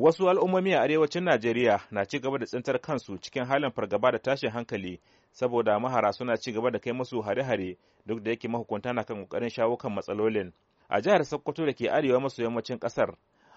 Wasu al'ummomi a arewacin Najeriya na ci gaba da tsintar kansu cikin halin fargaba da tashin hankali saboda mahara suna ci gaba da kai musu hare-hare duk da yake mahukunta na kan kokarin shawo kan matsalolin. A jihar Sokoto da ke arewa maso yammacin ƙasar,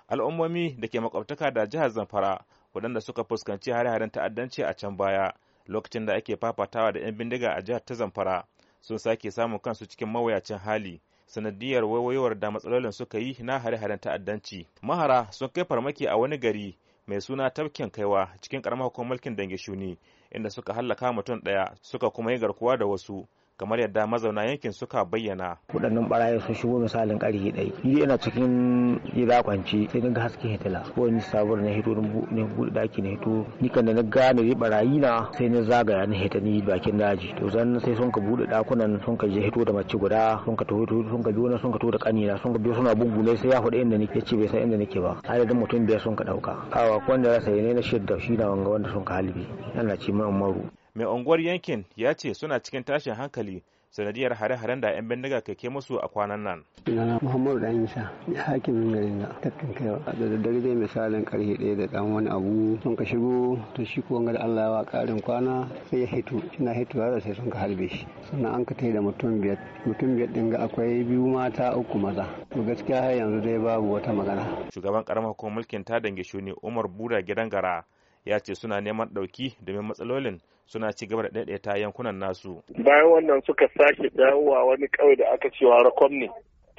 al'ummomi da ke makwabtaka da jihar Zamfara waɗanda suka fuskanci hare-haren ta'addanci a can baya lokacin da ake fafatawa da 'yan bindiga a jihar ta Zamfara sun sake samun kansu cikin mawuyacin hali sanadiyar waiwayowar da matsalolin suka yi na hare-haren ta'addanci mahara sun kai farmaki a wani gari mai suna tafkin kaiwa cikin karamar hukumar mulkin dangishuni shuni inda suka hallaka mutum ɗaya suka kuma yi garkuwa da wasu kamar yadda mazauna yankin suka bayyana. Waɗannan barayin sun shigo misalin ƙarfe ɗai. Ni ina cikin gida kwanci sai na ga hasken hitila. Ko ni sabuwar na hito na buɗe daki na hito. Ni kan da na gane ni barayi na sai na zagaya na hita ni bakin daji. To zan sai sun ka buɗe ɗakunan sun ka je hito da mace guda sun ka taho sun ka biyo na sun ka taho da ƙanina sun ka biyo suna bugu ne sai ya faɗi inda nake ce bai san inda nake ba. Adadin mutum biyar sun ka ɗauka. kawai kwanda ya sayi ne na shidda shi na wanga wanda sun ka halibi. Yana ce mai umaru. mai unguwar yankin ya ce suna cikin tashin hankali sanadiyar hare-haren da 'yan bindiga ke ke musu a kwanan nan. Sunana Muhammadu da Isa, ya hakimin garin na tattun kaiwa. Da daddare dai misalin karfe ɗaya da ɗan wani abu sun ka shigo ta shi kuwan gada Allah wa ƙarin kwana sai ya hitu. Suna hito da sai sun ka halbe shi. Sannan an ka da mutum biyar. Mutum biyar ɗin ga akwai biyu mata uku maza. To gaskiya har yanzu dai babu wata magana. Shugaban ƙaramar hukumar mulkin ta dange shuni Umar Buda Gidan Gara ya ce suna neman ɗauki domin matsalolin suna ci gaba da daidaita yankunan nasu bayan wannan suka sake dawowa wani ƙauye da aka cewa rakom ne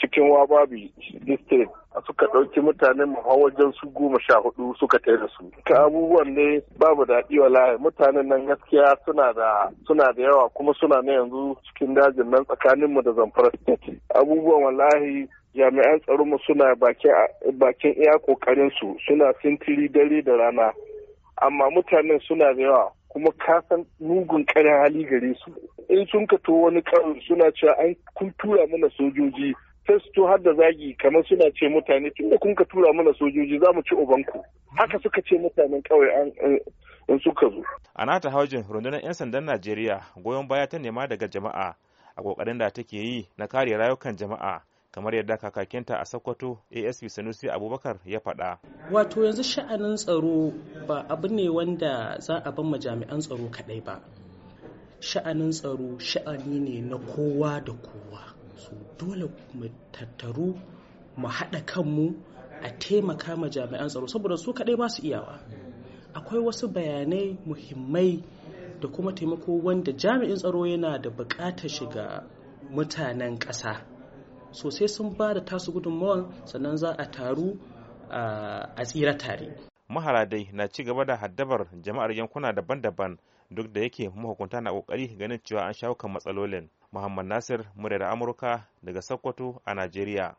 cikin wababi district suka ɗauki mutanen wajen su goma sha hudu suka tai da su ka abubuwan ne babu daɗi wala mutanen nan gaskiya suna da yawa kuma suna na yanzu cikin dajin nan tsakaninmu da zamfara state abubuwan wallahi jami'an tsaro mu suna bakin iya kokarin su suna sintiri dare da rana amma mutanen suna da yawa kuma ka san mugun karin hali gare su in sun ka to wani karin suna cewa an kun tura mana sojoji sai su to har da zagi kamar suna ce mutane tun da kun ka tura mana sojoji za mu ci ubanku haka suka ce mutanen kawai an in suka zo a nata haujin rundunar 'yan sandan najeriya goyon baya ta nema daga jama'a a kokarin da take yi na kare rayukan jama'a kamar yadda kakakinta a sokoto asp sanusi abubakar ya faɗa wato yanzu sha'anin tsaro ba abu ne wanda za a ban jami'an tsaro kaɗai ba sha'anin tsaro sha'ani ne na kowa da kowa so dole mu tattaru mu haɗa kanmu a taimaka ma jami'an tsaro saboda su kaɗai ba su iyawa akwai wasu bayanai muhimmai da kuma taimako wanda jami'in tsaro yana da buƙatar shiga mutanen ƙasa sosai sun ba da tasu gudunmawar sannan za a taru a tsira tare maharadai na ci gaba da haddabar jama'ar yankuna daban-daban duk da yake mahukunta na kokari ganin cewa an shawo kan matsalolin muhammad nasir muryar amurka daga sokoto a najeriya